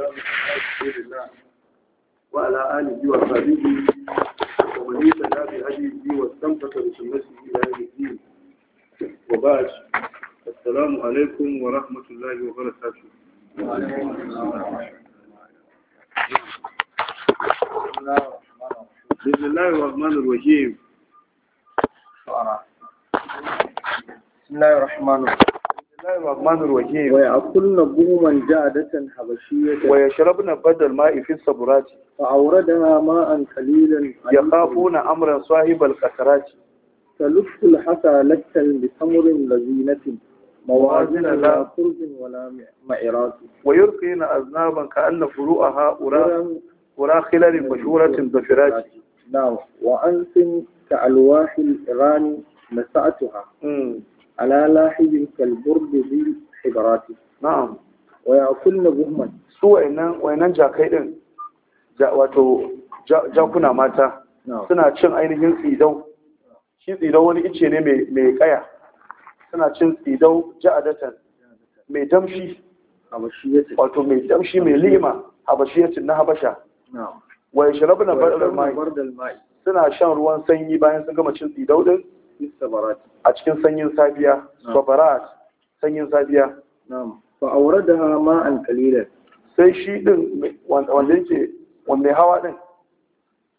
والسلام على رسول الله وعلى آله وصحبه ومن اهتدى بهديه واستمسك بسنته إلى يوم الدين وبعد السلام عليكم ورحمة الله وبركاته وعليكم السلام ورحمة الله وبركاته بسم الله الرحمن الرحيم بسم الله الرحمن الرحيم الرحمن الرحيم ويأكلن بوما جعدة حبشية ويشربن بدل ماء في الصبرات فأوردها ماء قليلا يخافون أمرا صاحب القسرات تلف الحسى لكا بتمر لزينة موازن لا قرب ولا مئرات ويرقين أذنابا كأن فروعها أرى خلال مشهورة ظفرات نعم وأنسم كألواح الإيران نسعتها على لاحظ كالبرد ذي حجرات نعم ويأكلن بهما su wayannan jakai din wato jakuna mata suna cin ainihin tsidau shi tsidau wani ice ne mai kaya suna cin tsidau ja'adatan mai damshi wato mai damshi mai lima habashiyatin na habasha wa yashrabna bardal mai suna shan ruwan sanyi bayan sun gama cin tsidau din a cikin sanyin safiya sabarat sanyin safiya fa auradaha ma'an qalilan sai shi din wanda yake wanda hawa din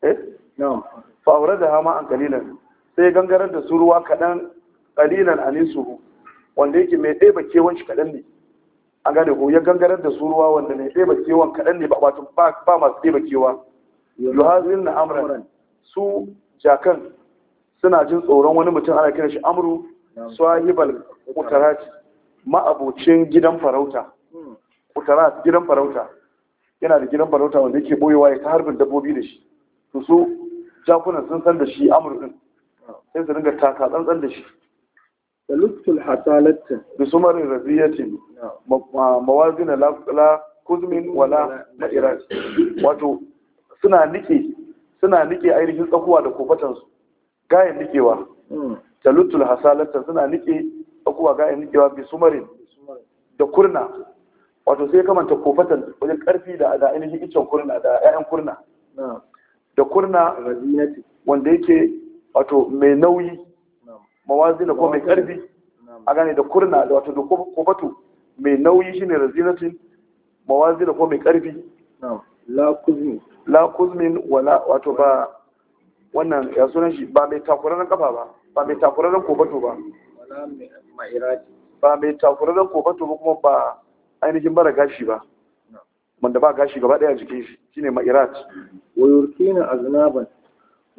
eh na'am fa auradaha ma'an qalilan sai gangarar da su ruwa kadan qalilan anisuhu wanda yake mai ɗeba kewan shi kadan ne a gane ko ya gangarar da su ruwa wanda mai ɗeba kewan kadan ne ba wato ba masu ɗeba kewa yuhazin na amran su jakan suna jin tsoron wani mutum ana kiran shi amru swahibal qutarat ma'abocin gidan farauta kutarat gidan farauta yana da gidan farauta wanda yake boyewa ya ta harbin dabbobi da shi to su jakunan sun san da shi amru din sai su ringa taka tsantsan da shi da lutful hasalatin da sumarin raziyatin mawazina la kuzmin wala ma'irat wato suna nike suna nike ainihin tsakuwa da kofatansu gayan nikewa hmm. talutul hasalata suna nike akuwa gayan nikewa bi sumarin da kurna wato sai kamanta kofatan wajen karfi da da ainihin icen kurna da ƴaƴan kurna da kurna wanda yake wato mai nauyi mawazina ko mai karfi a gane da kurna da wato da kofatu mai nauyi shine razinatin mawazina ko mai karfi la kuzmin la kuzmin wala wato ba wannan ya sunan shi ba mai takurarin kafa ba ba mai takurarin kofato ba ba mai takurarin kofato ba kuma ba ainihin bara gashi ba wanda ba gashi gaba daya jikin shi shine ma'irat wa aznaban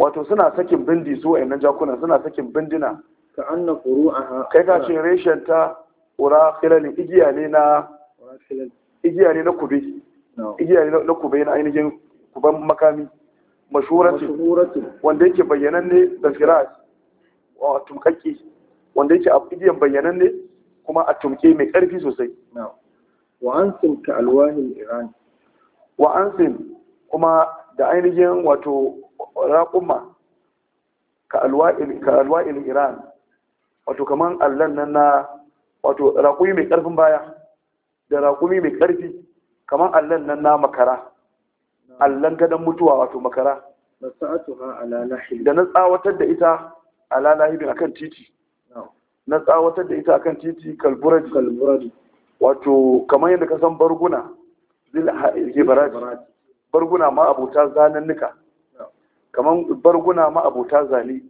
wato suna sakin bindi su wayannan jakuna suna sakin bindina ka anna furu'aha kai ka ce reshen ta ura khilal igiya ne na igiya ne na kube igiya ne na kube na ainihin kuban makami mashhuratin wanda yake ne da firas a tumkakke wanda yake abidiyan ne kuma a tumke mai karfi sosai wa ansim ka alwahin iran wa ansim kuma da ainihin wato raƙumma ka alwa'il iran wato kaman allan nan na wato raƙumi mai ƙarfin baya da raƙumi mai ƙarfi kaman allan nan na makara allan gadon mutuwa wato makara da na tsawatar da ita ala lahibin akan titi na tsawatar da ita akan titi kalburadi wato kamar yadda ka san barguna zilhibaraji barguna ma abota zanannuka kamar barguna ma abota zane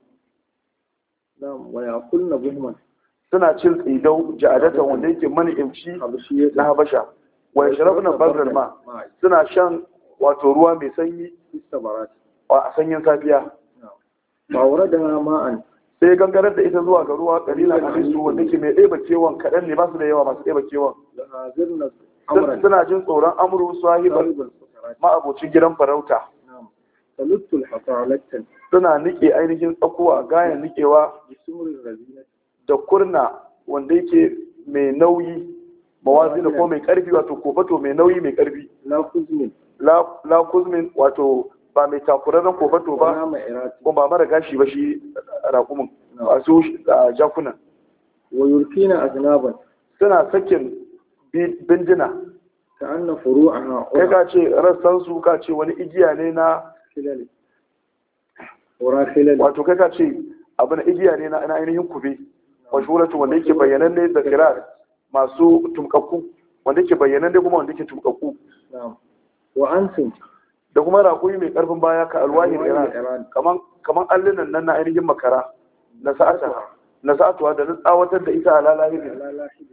suna cin tsidau ja'adatan wanda yake mani imci na habasha wa yashrabna barzal ma suna shan wato ruwa mai sanyi a sanyin safiya ma'aurar da da ma'an sai gangarar da ita zuwa ga ruwa kalilan hadisu wanda ke mai ɗeba kewan kaɗan ne ba su da yawa masu ɗeba kewan suna jin tsoron amuru sahibar ma'abocin gidan farauta suna nike ainihin tsakuwa gayan nikewa da kurna wanda yake mai nauyi mawazina ko mai karfi wato kofato mai nauyi mai karfi la kuzmin wato ba mai takurarren kofato ba ko ba mara gashi ba shi a masu jakuna wa yurkina aznaban suna sakin bindina ta anna furu'ana kai ka ce rassan su ka ce wani igiya ne na filali wato kai ka ce abin igiya ne na ainihin kube mashuratu wanda yake bayyanan ne da kirar masu tumkakku wanda yake bayyanan ne kuma wanda yake tumkakku wa hansin da kuma raƙumi mai ƙarfin baya ka alwahi da iran kaman allinan nan na ainihin makara na sa'atuwa da na tsawatar da ita a lalahibi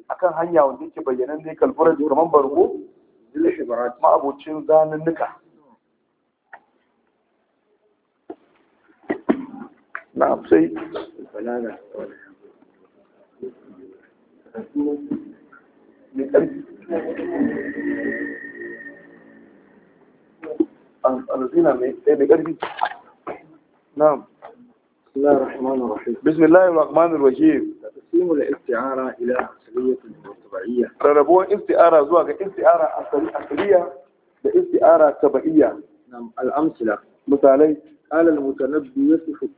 a kan hanya wanda yake bayyanan ne da kaman bargo ma'abocin zanunnuka na sai Thank you. alzina mai ƙarfi na'am بسم الله الرحمن الرحيم بسم الله الرحمن الرحيم تقسيم الاستعارة إلى أصلية وطبعية ربوا استعارة زواج استعارة أصلية لاستعارة تبعية نعم الأمثلة مثالي قال المتنبي يصف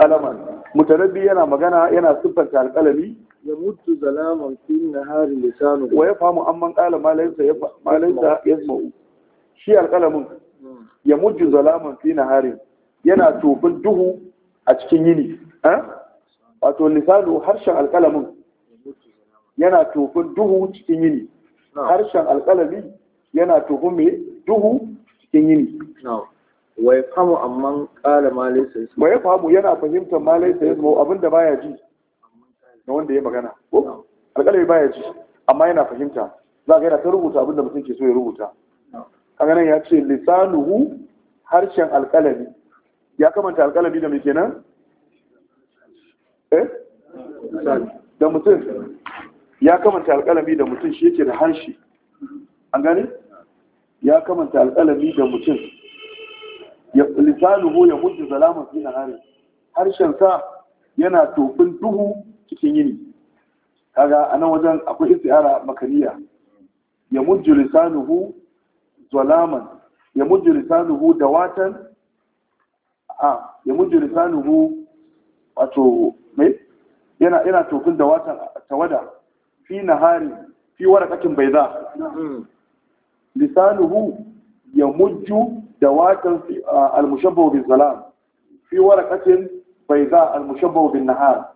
قلما متنبي أنا مجانا أنا صفة القلم يمد زلاما في النهار لسانه ويفهم أمن قال ما ليس يفهم ما ليس يسمع شيء القلم ya mujju zalaman fi harin. yana tofin duhu a cikin yini wato lisanu harshen alkalamin yana tofin duhu cikin yini harshen alkalami yana tofin mai duhu cikin yini wa ya famu amman kala ma wai wa ya famu yana fahimtar ma laisa yasma abinda baya ji na wanda ya magana alkalami baya ji amma yana fahimta za ka yana ta rubuta abinda mutum ke so ya rubuta kaga nan ya ce lisanuhu harshen alƙalami ya kamanta alƙalami da mai kenan eh da mutum ya kamanta alƙalami da mutum shi yake da harshe an gane ya kamanta alƙalami da mutum lisanuhu ya hujji zalaman fi nahari harshen sa yana tofin duhu cikin yini kaga a nan wajen akwai istiara makaniya ya mujju lisanuhu zalaman ya risaluhu da watan a ya mujju risaluhu wato me yana yana tofin watan tawada fi nahari fi bai bayda hmm. risaluhu ya mujju da al-mushabbahu bi zalam fi warakatin bayda al-mushabbahu bin nahar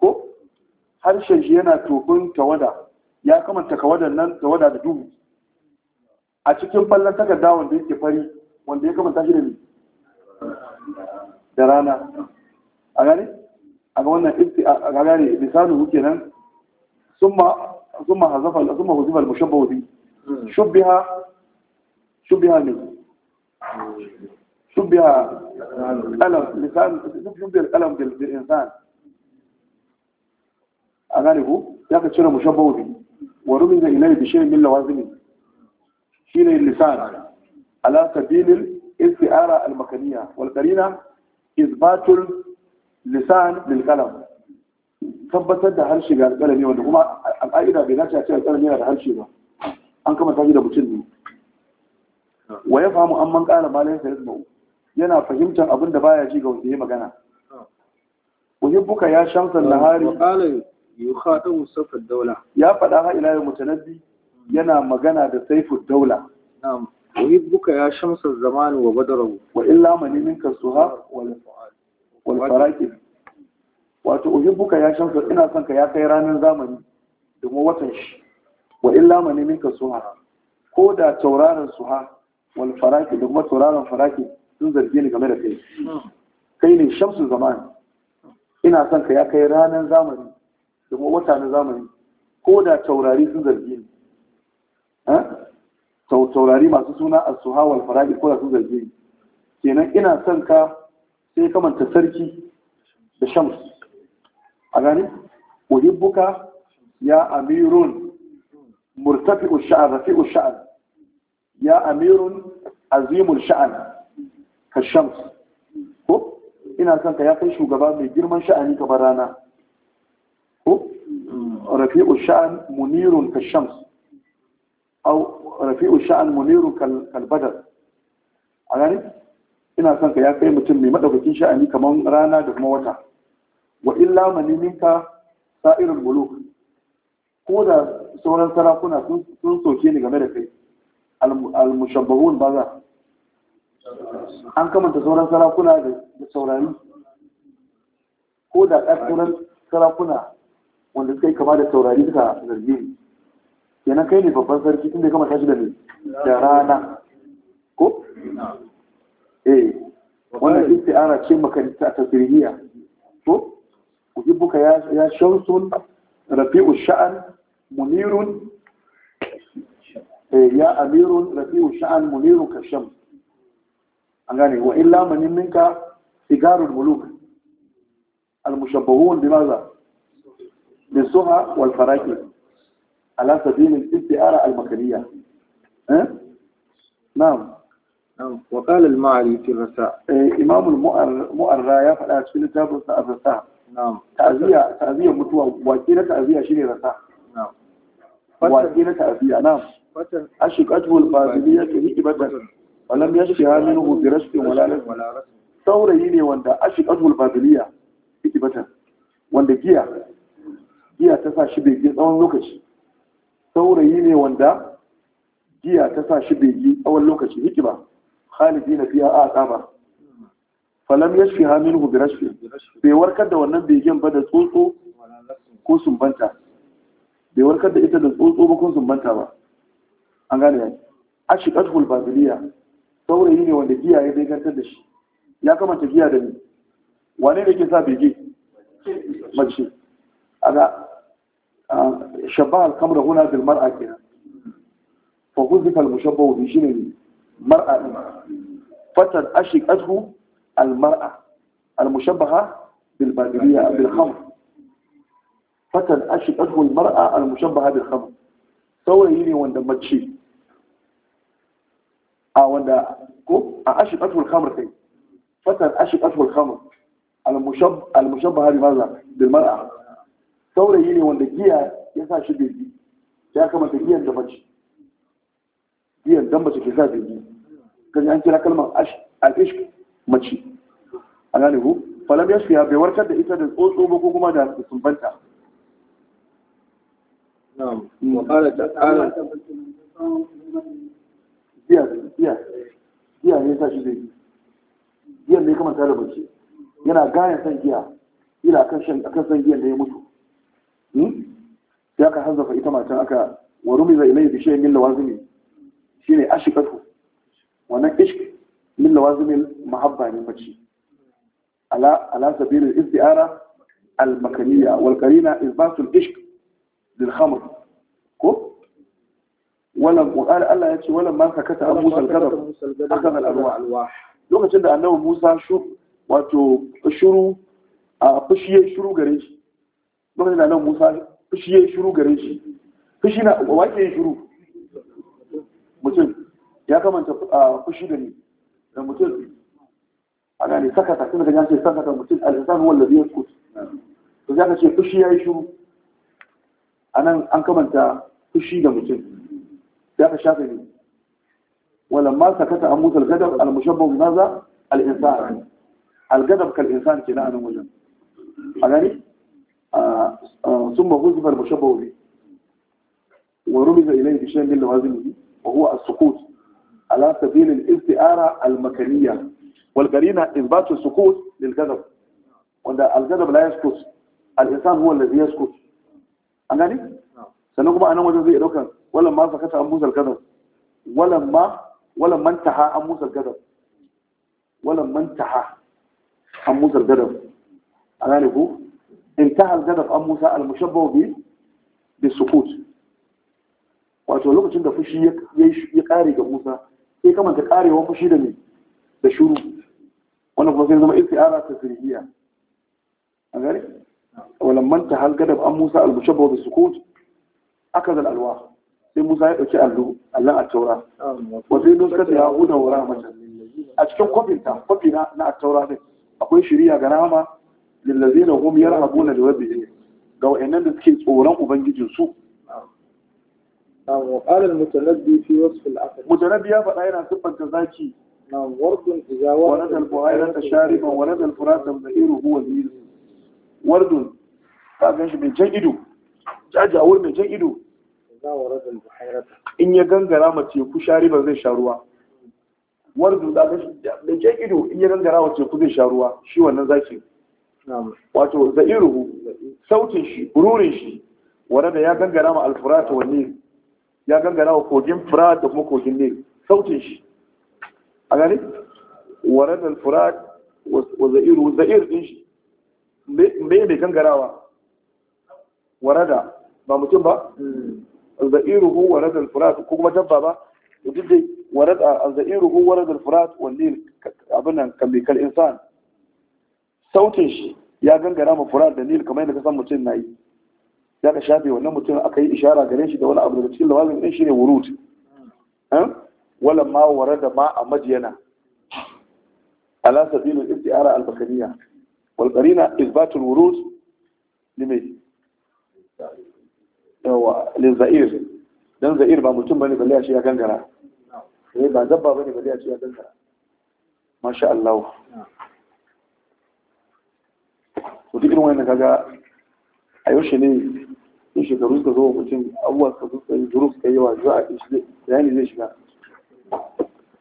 ko harshen shi yana tofin tawada ya kamanta kawadan nan tawada da duhu a cikin fallon takarda wanda yake fari wanda ya kamata shi da ne da rana a gane a ga wannan ifti a ga gane lisanu muke nan summa summa hazafa summa hazafa al bi shubbiha shubbiha ne shubbiha qalam lisan shubbiha qalam bil insan a gane ku ya ka cire mushabbahu bi wa rumin da ilai bi shay'in min lawazimi shine lisan ala sabilil isti'ara al makaniya wal qarina isbatul lisan lil qalam tabbatar da harshe ga alƙalami wanda kuma al'aida bai dace a ce alƙalami yana da harshe ba an kama taji da mutum ne wa ya famu an man ƙara malayin sa yasma'u yana fahimtar abin da baya ji ga wanda ya magana uhibbuka ya shamsa nahari qala yukhatabu safar daula ya faɗa ha ila yau mutanabbi yana magana da saifu daula wa yi buka ya shamsa zamani wa Badarau. wa illa mani minka suha wal wal faraqi wato uhibbuka ya shamsa ina son ka ya kai ranar zamani da watan shi wa illa mani minka suha ko da tauraron suha wa faraqi da kuma tauraron faraqi sun zarge ni game da kai kai ne shamsu zamani ina son ka ya kai ranar zamani da kuma wata na zamani ko da taurari sun zarge taurari masu suna a suha wal fara'id ko da sun zarge kenan ina son ka sai kamanta sarki da shams a gani uhibbuka ya amirun murtafi usha'an, rafi'u usha'an. ya amirun azimul sha'an ka shams ko ina son ka ya kai shugaba mai girman sha'ani kamar rana ko rafi'u usha'an, munirun ka shams au rafi'u sha'an muniru kal badar a gani ina son ka ya kai mutum mai madaukakin sha'ani kamar rana da kuma wata wa illa maniminka sa'irin muluk ko da sauran sarakuna sun soke ni game da kai al-mushabbahun ba za an kamanta sauran sarakuna da saurari ko da sauran sarakuna wanda suka yi kama da saurari suka zargi kenan kai ne babban sarki tun da kama tashi da ni? da rana ko eh wannan isti'ara ce makarita ta sirriya ko ujibuka ya ya shamsun rafi'u sha'an munirun eh, ya amirun rafi'u sha'an munirun kasham an gane wa illa manin minka sigarul muluk al mushabbahun bimaza bisuha wal faraki على سبيل الاستعارة المكانية نعم نعم وقال المعري في الرساء إمام المؤرى يفعل في الكتاب الرساء نعم تعزية تعزية متوى وكيلة تعزية شيء رساء نعم وكيلة تعزية نعم أشقته الفاضلية هكبة ولم يشفها منه برشد ولا رسم saurayi ne wanda ashik azul babiliya yake bata جيا جيا giya ta sa shi bai saurayi ne wanda giya ta sa shi bai yi tsawon lokaci hikima khalidi na fiya a tsaba falam ya shi hamin hu birashi bai warkar da wannan begen ba da tsotso ko sumbanta bai warkar da ita da tsotso ba ko sumbanta ba an gane ya ashiqat hul babiliya saurayi ne wanda giya ya gantar da shi ya kamata giya da ni wane ne ke sa bege mace aga shabba al huna bil mar'a kenan fa huzifa al-mushabbahu bi shine mar'a din fatan ashiqathu al-mar'a al-mushabbaha bil badriya bil khamr fatan ashiqathu al-mar'a al-mushabbaha bil khamr saurayi wanda mace a bi mar'a saurayi ne wanda giya ya sa shi begi ya kamata giyan da mace giyan dan mace ke sa begi kan an kira kalmar ashish mace a gane ku falam ya shiga bai warkar da ita da tsotso ba ko kuma da sumbanta hmm. giya ne sa shi ji, giyan ne kamar da mace yana gayan san giya ila akan san giyan da ya mutu Ya hmm? ka hazzafa ita matan aka wa rumiza ilayhi bi shay'in min lawazimi shine ashiqatu wannan ishq min lawazumin mahabba ne mace ala ala sabil al-isti'ara al-makaniya wal qarina isbatul ishq lil khamr ko wannan qur'ani Allah ya ce wala ma sakata an musal gadab akan al-alwah lokacin da annabi Musa shu wato shuru a fushi shuru gare shi lokacin da nan musa fushi ya shiru gare shi fushi na wake ya shiru mutum ya kamanta fushi da ni da mutum a gane sakata kuma ga saka sakata mutum al-insan huwa alladhi yaskut to zaka ce fushi ya yi shiru anan an kamanta fushi da mutum Ya ka shafe ni? sakata an ne ولما سكت عن موسى الغضب المشبه بماذا؟ الانسان الغضب كالانسان anan wajen. A أغاني؟ ثم غزف المشبه به ورمز إليه بشيء من لوازمه وهو السقوط على سبيل الاستئارة المكانية والقرينة إثبات السقوط للجذب وأن الجذب لا يسقط الإنسان هو الذي يسقط أنني سنقوم أنا وجه زي إلوكا ولما سكت عن موسى الجذب ولما ولما انتهى عن موسى الجذب ولما انتهى عن موسى الجذب أنا هو انتهى الغضب عن موسى المشبه به بالسكوت wato lokacin da fushi ya kare ga Musa sai ta karewa fushi da ne da shuru wannan kuma sai zama istiara ta sirriya a gari walamman ta hal gadab an Musa al-mushabba bi sukut aka zal alwa sai Musa ya ɗauki allo Allah a taura wa sai nuskar da Yahuda wa rahmatan a cikin kofin ta na attaura ne akwai shiriya ga rama lillazina hum yarhabuna li rabbihim ga wayannan da suke tsoron ubangijin su na'am wa qala al-mutanabbi fi wasf al-aql mutanabbi ya faɗa yana siffanta zaki na'am wardun idza warada al-buhayrata shariban warada al-furata mahiru huwa al-nil wardun ka ganshi mai jan ido jajawar mai jan ido in ya gangara ma teku shariban zai sha ruwa wardun da mai jan ido in ya gangara ma teku zai sha ruwa shi wannan zakin wato za'iruhu sautin shi rurin shi wanda ya gangara ma al-furat wa nil ya gangara wa kogin furat da kuma kogin nil sautin shi a gani Alfurat al-furat wa za'iru za'ir din shi me mai gangarawa warada ba mutum ba hmm. za'iruhu warad al-furat ko kuma dabba ba duk dai warad al-za'iruhu warad al-furat wa nil abin nan kan insan sautin shi ya gangara ma furar da nil kamar yadda ka san mutum na yi ya ka shafe wannan mutum aka yi ishara gare shi da wani abu daga cikin lawazin din shi ne wurud wala ma wara da ma a madiyana ala sabilul isti'ara al-bakaniya wal qarina isbatul wurud limai yawa lizair dan zair ba mutum bane balle shi ya gangara eh ba dabba bane balle shi ya gangara masha Allah to duk irin wannan a yaushe ne in shekaru suka zo mutum abubuwa suka zo suka yi suka yi wa za a bayani zai shiga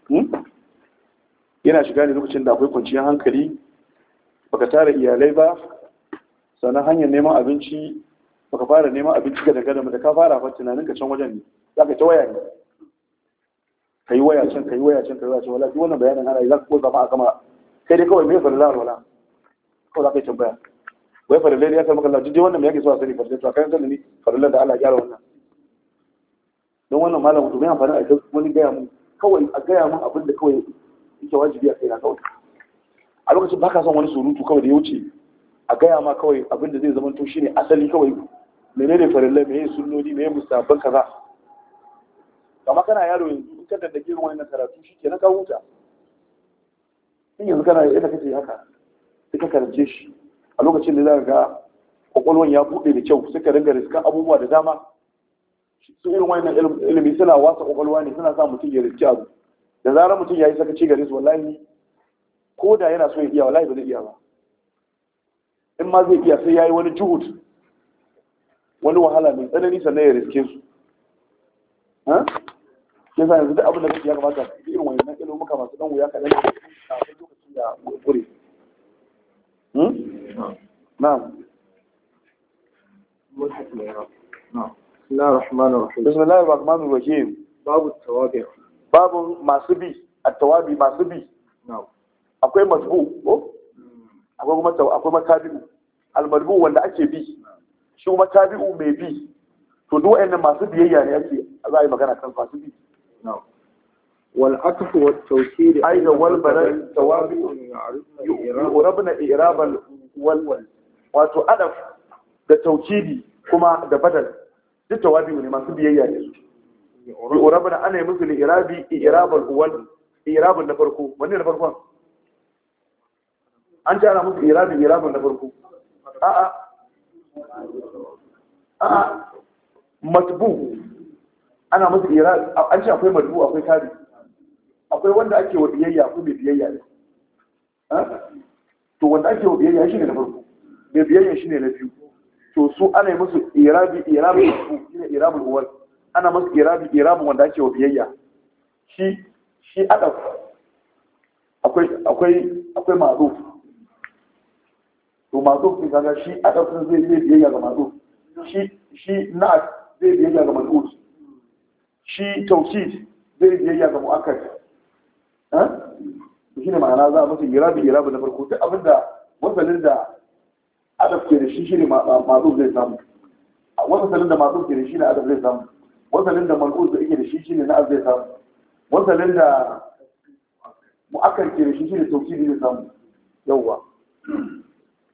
hmm? yana shiga ne lokacin da akwai kwanciyar hankali baka tara iyalai ba sannan hanyar neman abinci baka fara neman abinci ga daga da ka fara fa tunanin ka can wajen ne za ka ta waya ne ka yi waya can ka yi waya can ka yi waya can wala duk wannan bayanin ana yi za ka ko zama a gama Kai dai kawai mai farin lalwala ko za ka yi tambaya wai farillai ne ya kama kallon jide wannan yake so a sani farillai to a kayan sani ne, farillan da Allah gyara wannan don wannan malam to mai amfani a wani gaya mun kawai a gaya mun abin da kawai yake wajibi a kaina kawai a lokacin ba ka son wani surutu kawai da ya wuce a gaya ma kawai abin da zai zama to ne asali kawai menene farillai meye sunnoni meye musabban kaza kama kana yaro yanzu in ka daddake ruwan na karatu shi kenan ka huta in yanzu kana yadda kake haka suka karance shi a lokacin da za ga kwakwalwan ya buɗe da kyau suka ringa riska abubuwa da dama su irin wannan ilimi suna wasa kwakwalwa ne suna sa mutum ya riski abu da zarar mutum ya yi sakaci gare su wallahi ko da yana so ya iya wallahi ba zai iya ba in ma zai iya sai ya yi wani juhud wani wahala mai tsanani sannan ya riske su ya sa yanzu duk abin da kake ya kamata irin wannan muka masu dan wuya kaɗan a lokacin da kure نعم بسم الله الرحمن الرحيم بسم الله الرحمن الرحيم باب التوابع باب ما التوابع ما نعم akwai مذبو akwai kuma akwai matabi'u wanda ake bi shi kuma tabi'u mai bi to duk wayannan masu biyayya ne ake za a yi magana kan fasu bi والعطف والتوكيد أيضا والبلد توابع يغربنا إعراب walwal wato adaf da taukidi kuma da badal duk tawabi ne masu biyayya ne su urabana ana yi musu irabi irabal wal irabun na farko wanne na farkon an ji ana musu irabi irabun na farko a'a a'a matbu ana musu irabi an ce akwai matbu akwai tabi akwai wanda ake wa biyayya ko biyayya ne to wanda ake wa biyayya shi ne na farko mai biyayya shi ne na biyu to su ana yi musu irabi irabi su ne irabul uwal ana musu irabi irabin wanda ake wa biyayya shi shi adaf akwai akwai akwai mazuf to mazuf ne kaga shi adaf zai zai biyayya ga mazuf shi shi na zai biyayya ga mazuf shi tawkid zai biyayya ga muakkad to shine ma'ana za a masa irabi irabi na farko duk abinda wasalin da adab ke da shi zai samu da ma'zuf ke da shi ne adab zai samu wasalin da manqus da yake da shi shine na'az zai samu wasalin da mu'akkar ke da shi shine tawkidi zai samu yawwa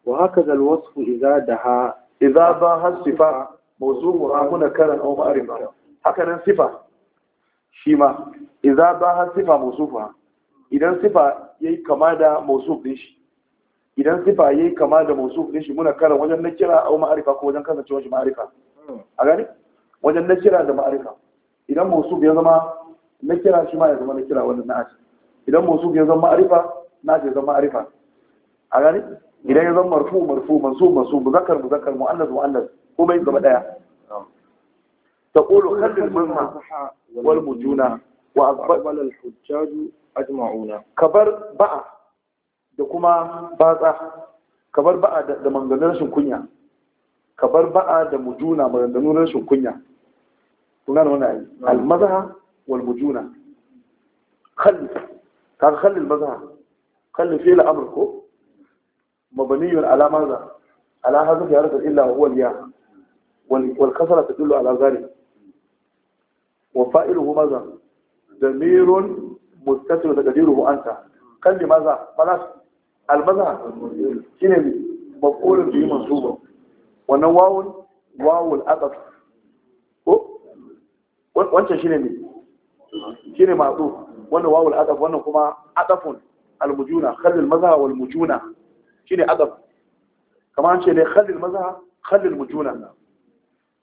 wa hakaza alwasf idza daha idza ba hasifa mawzu'uha huna karan aw sifa shi ma idza ba hasifa mawzu'uha idan sifa ya yi kama da mausuf din shi idan sifa ya yi kama da mausuf din shi muna kara wajen na kira au ma'arifa ko wajen kasance wajen ma'arifa hmm. a gani wajen na kira da ma'arifa idan mausuf ya zama na kira shi ma ya zama na kira wannan na'ati idan mausuf ya zama ma'arifa na ya zama ma'arifa a gani idan ya zama marfu marfu mansub mansub muzakkar muzakkar muannas ko komai gaba daya تقول خلي المهمة والمجونة wa aqbala al-hujjaj ajma'una kabar ba'a da kuma batsa kabar ba'a da manganun rashin kunya kabar ba'a da mujuna maganganun rashin kunya kuna da wannan al wal mujuna khall ka khall al-mazha khall fi al-amr ko مبني ya ماذا illa حذف يعرف إلا هو الياء والكسرة تدل على ذلك وفائله ماذا damirun mustatir da kadiruhu anta kan limaza maza almaza shine maqulun bi mansuba wannan wawun wawul aqaf wancan shine ne shine ma'du wannan wawul aqaf wannan kuma aqafun almujuna khallil maza wal mujuna shine aqaf kamar ce ne khallil maza khallil mujuna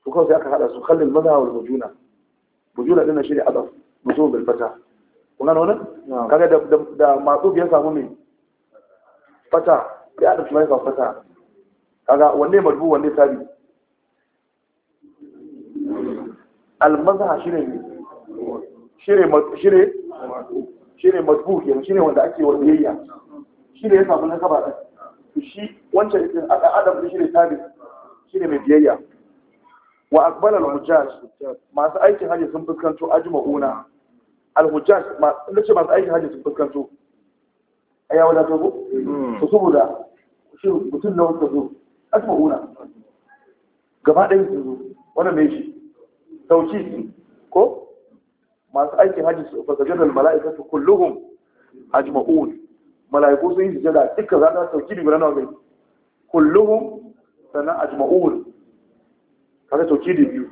to kawai sai aka hada su mujuna mujuna shine mutum bil kuna nuna? kaga da da biyan samu ne fata ya da kuma ya fata kaga wanne marbu wanne tabi al-mazha shine ne shine shine shine mazbu kenan shine wanda ake wa biyayya shine ya samu kaba din shi wancan a aka adam shine tabi shine mai biyayya wa aqbala al masu aikin hajji sun fuskanto ajma'una alhujjaj da ce masu aikin hajji sun fuskanto a yawon dato ko? Hmm. su saboda shi mutum na wata zo asma una gaba ɗaya su zo wani mai shi sauci ko masu aikin hajji su fasajen da mala'ika su kulluhun ajma'un mala'iku sun yi su sujada dukkan za ta sauki bibiran na wani kulluhun sannan ajma'un kada sauki da biyu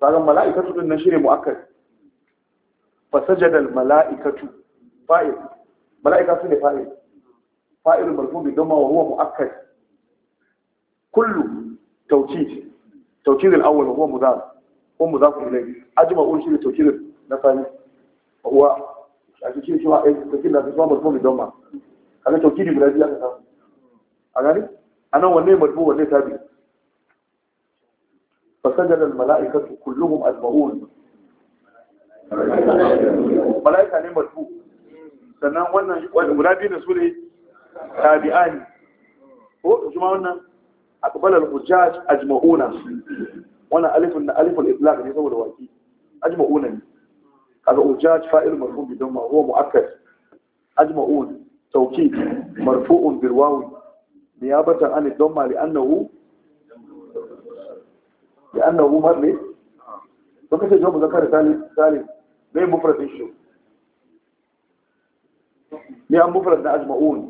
zagan mala'ika su ɗin na shirin mu'akkar فسجد الملائكة فائل ملائكة سنة فائل فائل مرفوع بالضمة وهو مؤكد كل توكيد توكيد الأول وهو مضاف هو مضاف إليه أجمع أول شيء التوكيد الثاني هو التوكيد شو التوكيد الذي هو مرفوع بالضمة هذا توكيد بلادي أنا أنا أنا وني مرفوع وني تابع فسجد الملائكة كلهم أجمعون mala'ika ne masu sannan wannan guda biyu da su ne tabi'ani ko kuma wannan akbalar hujjaj ajma'una wannan alifin na alifin islam ne saboda waki ajma'una ne kaga hujjaj fa'il marfu bi damma huwa mu'akkad ajma'un tawkid marfu'un bil wawi niyabatan an damma li annahu li annahu marli to kace jawabu zakar salim salim zai مفرد ايش an mufrad na ajma'un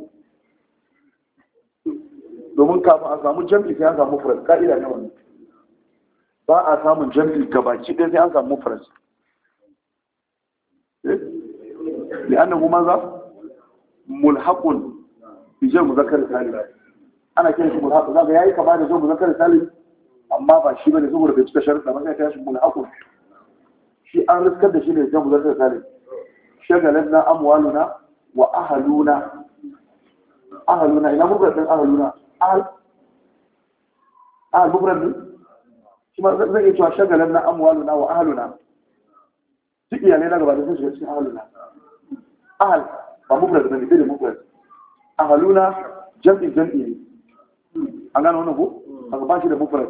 domin kafin a samu jam'i sai an samu mufrad ka'ida ne ba a samun jam'i gabaki ɗaya sai an samu ماذا ملحق بجمع مذكر سالم أنا كده شو ملحق لا غير كمان جو مذكر سالم أما بشي من زمر بيتكشر لما كده shi ملحق shi an riskar da shi ne zan gudanar da salim shagalin na amwaluna wa ahaluna ahaluna ina mubrar ɗin ahaluna ahal mubrar ɗin shi ma zan iya cewa shagalin na amwaluna wa ahaluna duk iyalai na gaba da sun shiga cikin ahaluna ahal ba mubrar ɗin ne da mubrar ahaluna jam'i jam'i ne an gano wani ko a gaba shi da mubrar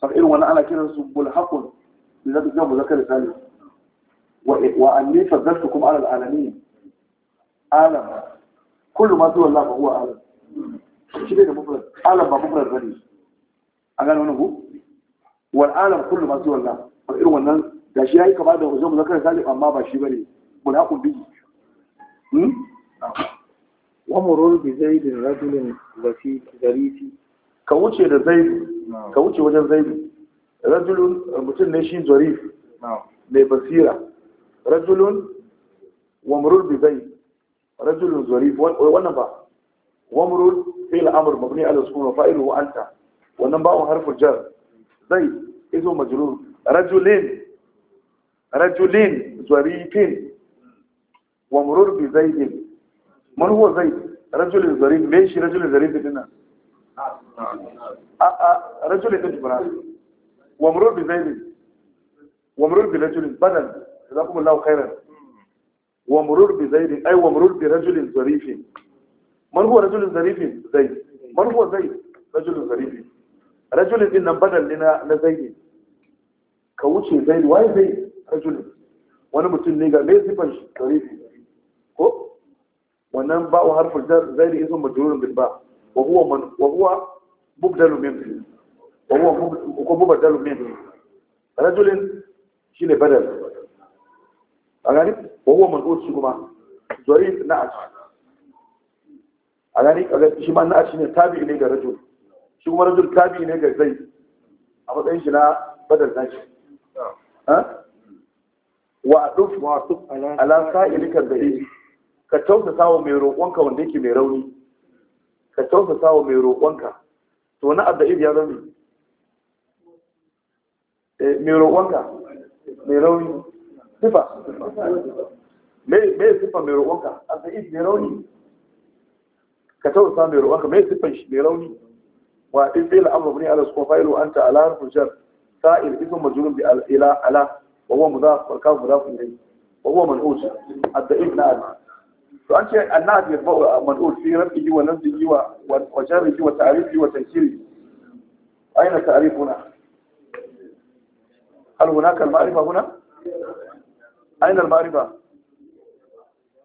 saka irin wani ana kiransu bulhakun da zaka ga da salim وأني فضلتكم على العالمين عالم كل ما سوى الله فهو عالم شبه مفرد عالم مفرد غني أقال هنا والعالم كل ما سوى الله فإنه ونن da shi ya yi kama da wajen muzakarar galib amma ba shi bane munafun bihi hmm? wa murur bi zaidin rajulin wasi zarifi ka wuce da zaidu ka wuce wajen zaidu mutum ne shi zarif mai basira rajulun wa murul bi zai rajulun wannan ba wa murul fi'il amr mabni ala sukun wa fa'iluhu anta wannan ba'un harfu jar zai izo majrur rajulin rajulin zarifin wa murul bi zaidin man huwa zaid rajulun zarif me shi rajulun zarif dinnan a jazakum Allahu khairan wa murur bi zaid ay wa murur bi rajulin zarifin man huwa rajulun zarifin zaid man huwa zaid rajulun zarifin rajulin din nan badal lina na zaid ka wuce zaid wai zaid rajulin wani mutum ne ga me sifan shi zarifin ko wannan ba'u harfin zaid ismu majrurun bil ba wa huwa man wa huwa mubdalu min وهو مبدل منه رجل شيء badal. a gani wawan man'oci kuma zari na'at a gani shi ma na'at shi ne tabi ne ga rajul shi kuma rajul tabi ne ga zai a matsayin shi na badar nashi wa a ɗauki wa su alasa ilikar gari ka tausasa sawa mai roƙonka wanda yake mai rauni ka tausasa sawa mai roƙonka to na iri ya zama eh, mai roƙonka mai rauni sifa mai sifa mai roƙonka a sa'id mai rauni ka taurasa mai roƙonka mai sifan shi mai rauni wa in fi al'amru bani ala sukun fa'ilu anta ala harfin jar sa'il ismu majrun bi ila ala wa huwa mudaf wal kafu mudaf ilayhi wa huwa man'ut ad-da'if na'at to an ce annabi ya ba'u man'ut fi yi wa yi wa wa jarrihi wa ta'rifihi wa tankirihi aina ta'rifuna هل هناك المعرفة هنا؟ أين المعرفة؟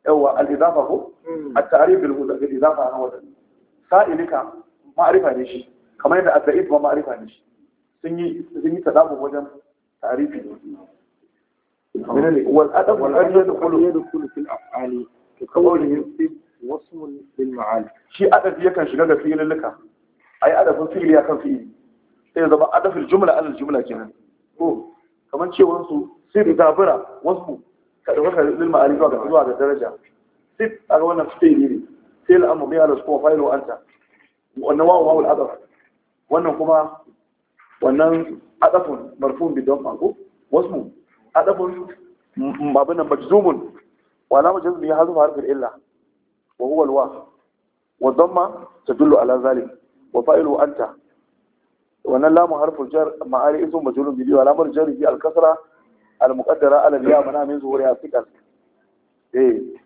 هو الإضافة هو التعريف بالإضافة أنا وده سائلك معرفة نشي كما يبقى الزئيد ومعرفة نشي سنجي سنجي تدافع وجم تعريفي والأدب والأدب يدخل يدخل في الأفعال كقوله وصم للمعالي شيء أدب يكن شغل فيه لك أي أدب فيه يكن فيه إذا أدب الجملة على الجملة كمان كمان شيء ونصو sif zabura wasu ka dauka lil ma'ani zuwa ga zuwa ga daraja sif a ga wannan fi'ili ne sai al'amru bi kuma sukuwa an ta. wannan wawu wawu al'adaf wannan kuma wannan adafun marfun bi don wasu adafun babun nan majzumun wa alama jazmi ya hazu harfin illa wa huwa alwa wa dhamma tadullu ala zalik wa fa'ilu anta wannan lamu harfin jar ma'ari ismu majrur bi wa lamar jarri bi al-kasra المقدرة على الياء منها من ظهورها ثقل إيه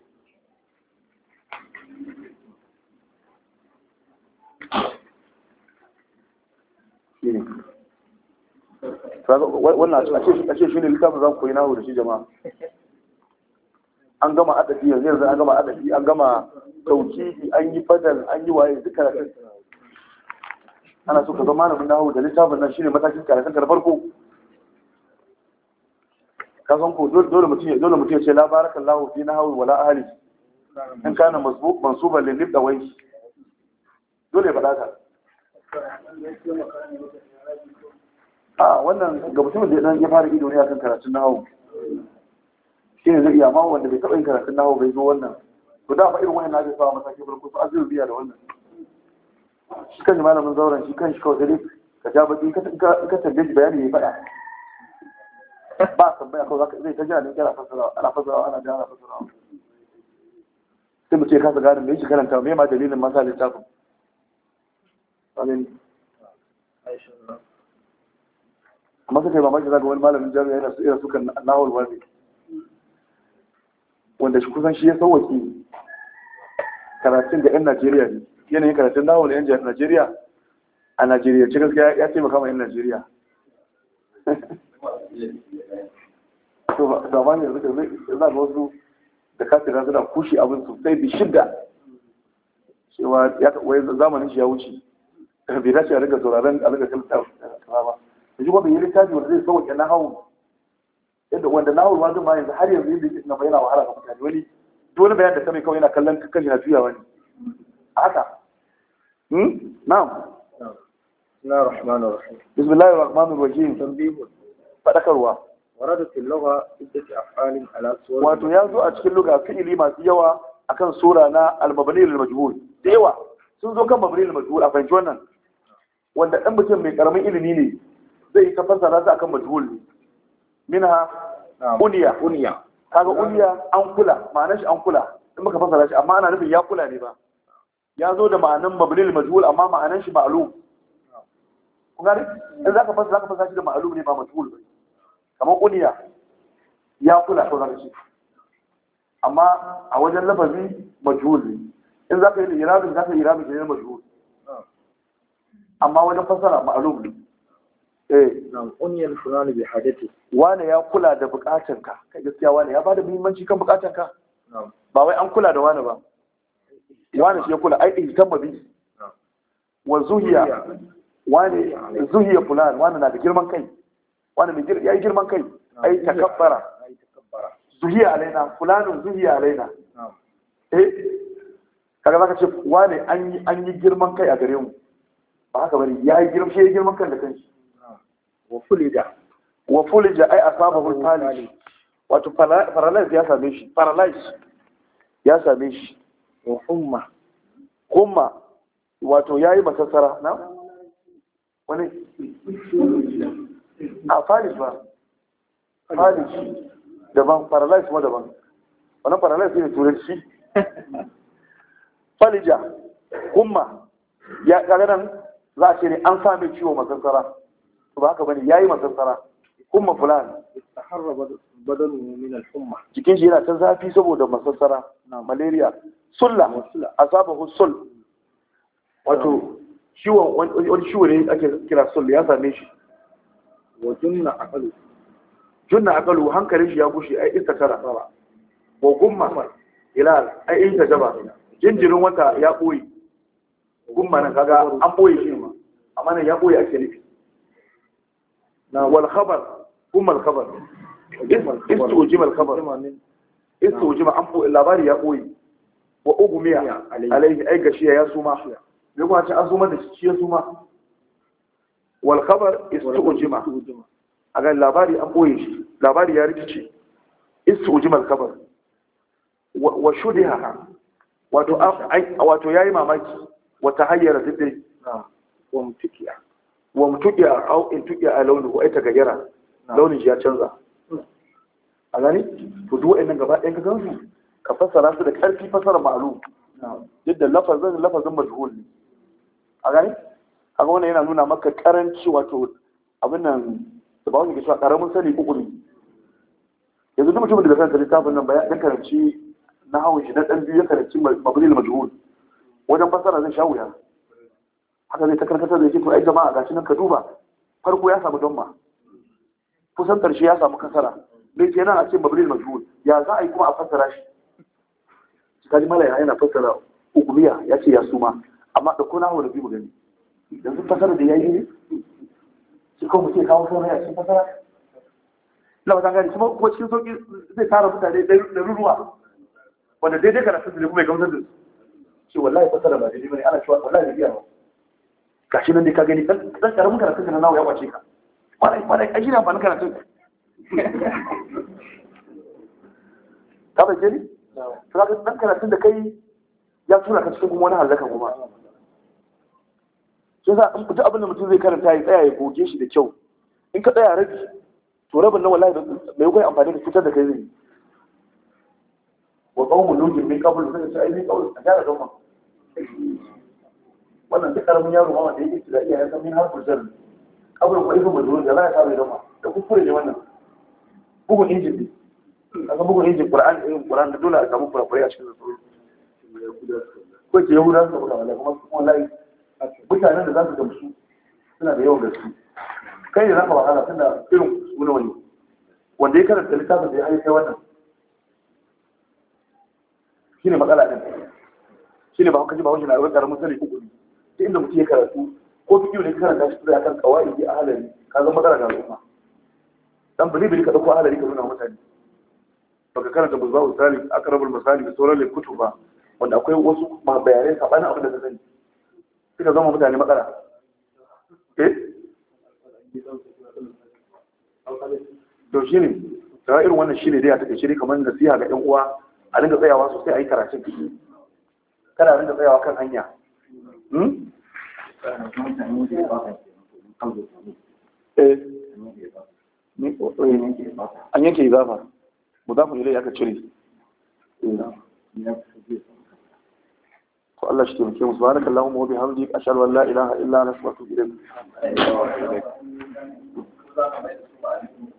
wannan a ce shi ne littafin za ku yi nahu da shi jama'a an gama adabi yanzu yanzu an gama adabi an gama tauki an yi fadal an yi waye duk karatun ana so ka zama malamin nahu da littafin nan shine matakin karatun ka farko kasan ku dole mutum ya dole mutum ya ce la barakallahu fi nahwi wala ahli in kana masbuk mansuban lil dawai wai dole ba ka a wannan ga mutumin da ya fara ido ne akan karatun nahwu shi ne zai iya ma wanda bai taɓa yin karatun nahwu bai zo wannan to da fa irin wannan na zai sa masaki farko su azu biya da wannan shi kan malamin zauren shi kan shi kawai dare ka ja baki ka ka shi bayani ya faɗa ba tambaya kawai zaka zai ta jira ne kana fasarawa ana fasarawa ana jira ana fasarawa sai mu ce kasa gane me yake karanta me ma dalilin masa littafin amin amma sai ba maki zaga wani malamin jami'a yana su irin sukan nahul wani wanda shi kusan shi ya sauwaki karatun da 'yan Najeriya ne yanayin karatun nahul 'yan Najeriya a Najeriya ci gaskiya ya taimaka ma 'yan Najeriya to ma yanzu da a ga wasu da kafira suna kushi abin sosai bi shidda cewa ya wai zamanin shi ya wuce bai dace a riga sauraron a riga kalta ba yanzu wanda yi littafi wanda zai sauke na hawo yadda wanda na ma zai yanzu har yanzu yadda yake yana wahala ga mutane wani dole bayan da kawai yana kallon kan yana juya wani haka hmm? na'am بسم الله الرحمن الرحيم بسم الله الرحمن الرحيم تنبيه warada fil lugha iddati af'alin ala suwar wato ya zo a cikin lugha fi'ili masu yawa akan sura na al-mabni lil majhul da yawa sun zo kan mabni lil majhul a fahimci wannan wanda dan mutum mai karamin ilimi ne zai yi ta fassara ta akan majhul ne minha uniya uniya kaga uniya an kula ma'anar shi an kula in muka fassara shi amma ana nufin ya kula ne ba ya zo da ma'anan mabnil majhul amma ma'anan shi ma'lum kun gane in zaka fassara ka fassara shi da ma'lum ne ba majhul ba kamar Kuniya ya kula ko shi amma a wajen lafazi majuli in in ka yi za ka yi irabin ne majuli amma wajen fasara ma'alum ne eh nan kuniyar sunani bai hadatu wane ya kula da bukatanka kai gaskiya wane ya bada muhimmanci kan bukatanka ba wai an kula da wane ba wane shi ya kula ai ihtam bi wa zuhiya wane zuhiya fulan wane na da girman kai wani mai ya yi girman kai A yi takabbara zuhiya alaina fulanin zuhiya alaina eh kaga ka ce wani an yi girman kai a gare mu ba haka bari. ya yi girman kai girman kan da kanshi wa fulija wa fulija ai a saba falish wato paralyze ya same shi paralyze ya same shi wa humma humma wato yayi masassara na wani a falis ba falis daban paralyze kuma daban wani paralyze ne turai shi falija kuma ya kagaran za a ce ne an sami ciwo masansara to ba haka bane ya yi masansara kuma fulani istaharra badalu min al-umma jikin shi yana ta zafi saboda masansara malaria sulla a asabahu sul wato ciwon wani ciwo ne ake kira sul ya same shi wa junna aqalu junna aqalu hankalin shi ya gushe ai in kasara fara wa gumma ilal ai in tajaba jinjirin wata ya boye gumma nan kaga an boye shi ma amma nan ya boye ake nufi na wal khabar gumma al khabar istu jimal khabar istu jima an boye labari ya boye wa ugumiya alaihi ai gashiya ya suma me kuma ce an suma da shi ya suma wal khabar istu'jima a ga labari an boye shi labari ya rikice istu'jima al khabar wa haka? wato ya yayi mamaki wa tahayyara siddi wa wa mutukiya au in tukiya a launin ko ta gayyara launin shi ya canza hmm. a gani to duk wa'annan gaba ɗaya ka gansu ka fassara su da ƙarfi fassara ma'lum yadda lafazin lafazin majhul ne a gani kaga wannan yana nuna maka karanci wato abin nan da ba wani ke cewa karamin sani kukumi yanzu duk mutumin da bai karanta littafin nan ba ya karanci na hawan shi na dan biyu ya karanci mabdil majhul wajen fasara zai sha wuya haka zai ta karkatar da yake to ai jama'a gashi nan ka duba farko ya samu donma kusan karshe ya samu kasara mai ce nan a ce mabdil majhul ya za a yi kuma a fasara shi kaji malaya yana fasara ukubiya ya ce ya suma amma da ko na hawa da biyu gani yanzu fasara da yayi ne shi kuma mutum ya kawo sauran a cikin fasara na wata gani kuma kuma cikin sauki zai tara mutane da ruruwa wanda daidai karatu su ne kuma ya gamsar da su ce wallahi fasara ba daidai bane ana cewa wallahi biya ba gashi nan dai ka gani dan karamin karatu na nawa ya kwace ka kwarai kwarai a gina amfanin karatu ka bai jini? ta ka dan karatun da kai ya tura ka cikin kuma wani hallaka kuma. shi yasa in duk abin da mutum zai karanta ya tsaya ya goge shi da kyau in ka tsaya rabi to rabin nan wallahi bai kai amfani da fitar da kai zai wa qawmu lutin min qabl sai sai ai kawai a gyara doma wannan duk karamin yaro ma wanda yake da iyayen san min har Abin qabl kuma ibn mazur da za a bai doma da kuskure ne wannan bugun injin ne san bugun injin qur'an irin qur'an da dole a samu furafure a cikin zuciya ko ke yahuda suka buga wallahi kuma layi mutanen da za su gamsu suna da yawan gaske kai ne za ka wahala suna irin suna wani wanda ya karanta littafin da ya haifai wannan shi ne matsala ɗin shi ne ba kuka ji ba wajen arewa ƙaramin sani uku ne ta inda mutum ya karatu ko fi ne ka karanta shi tura kan kawai ya ahalari ka zama matsala ga al'umma dan bari bari ka ɗauko ahalari ka nuna mutane baka karanta ba za ku misali akarabul misali da sauran lekutu ba wanda akwai wasu bayanai saɓanin abin da ka sani suka zama mutane matsala eh to shi ne tawa irin wannan shi ne dai a take shiri kamar nasiha ga 'yan uwa a dinga tsayawa sosai a yi karatun kada Kana dinga tsayawa kan hanya hmm? eh. an yanke zafa, mu za mu yi aka cire to Allah shi taimake mu subhanaka allahumma wa bihamdik ashhadu an la ilaha illa anta astaghfiruka wa atubu ilaik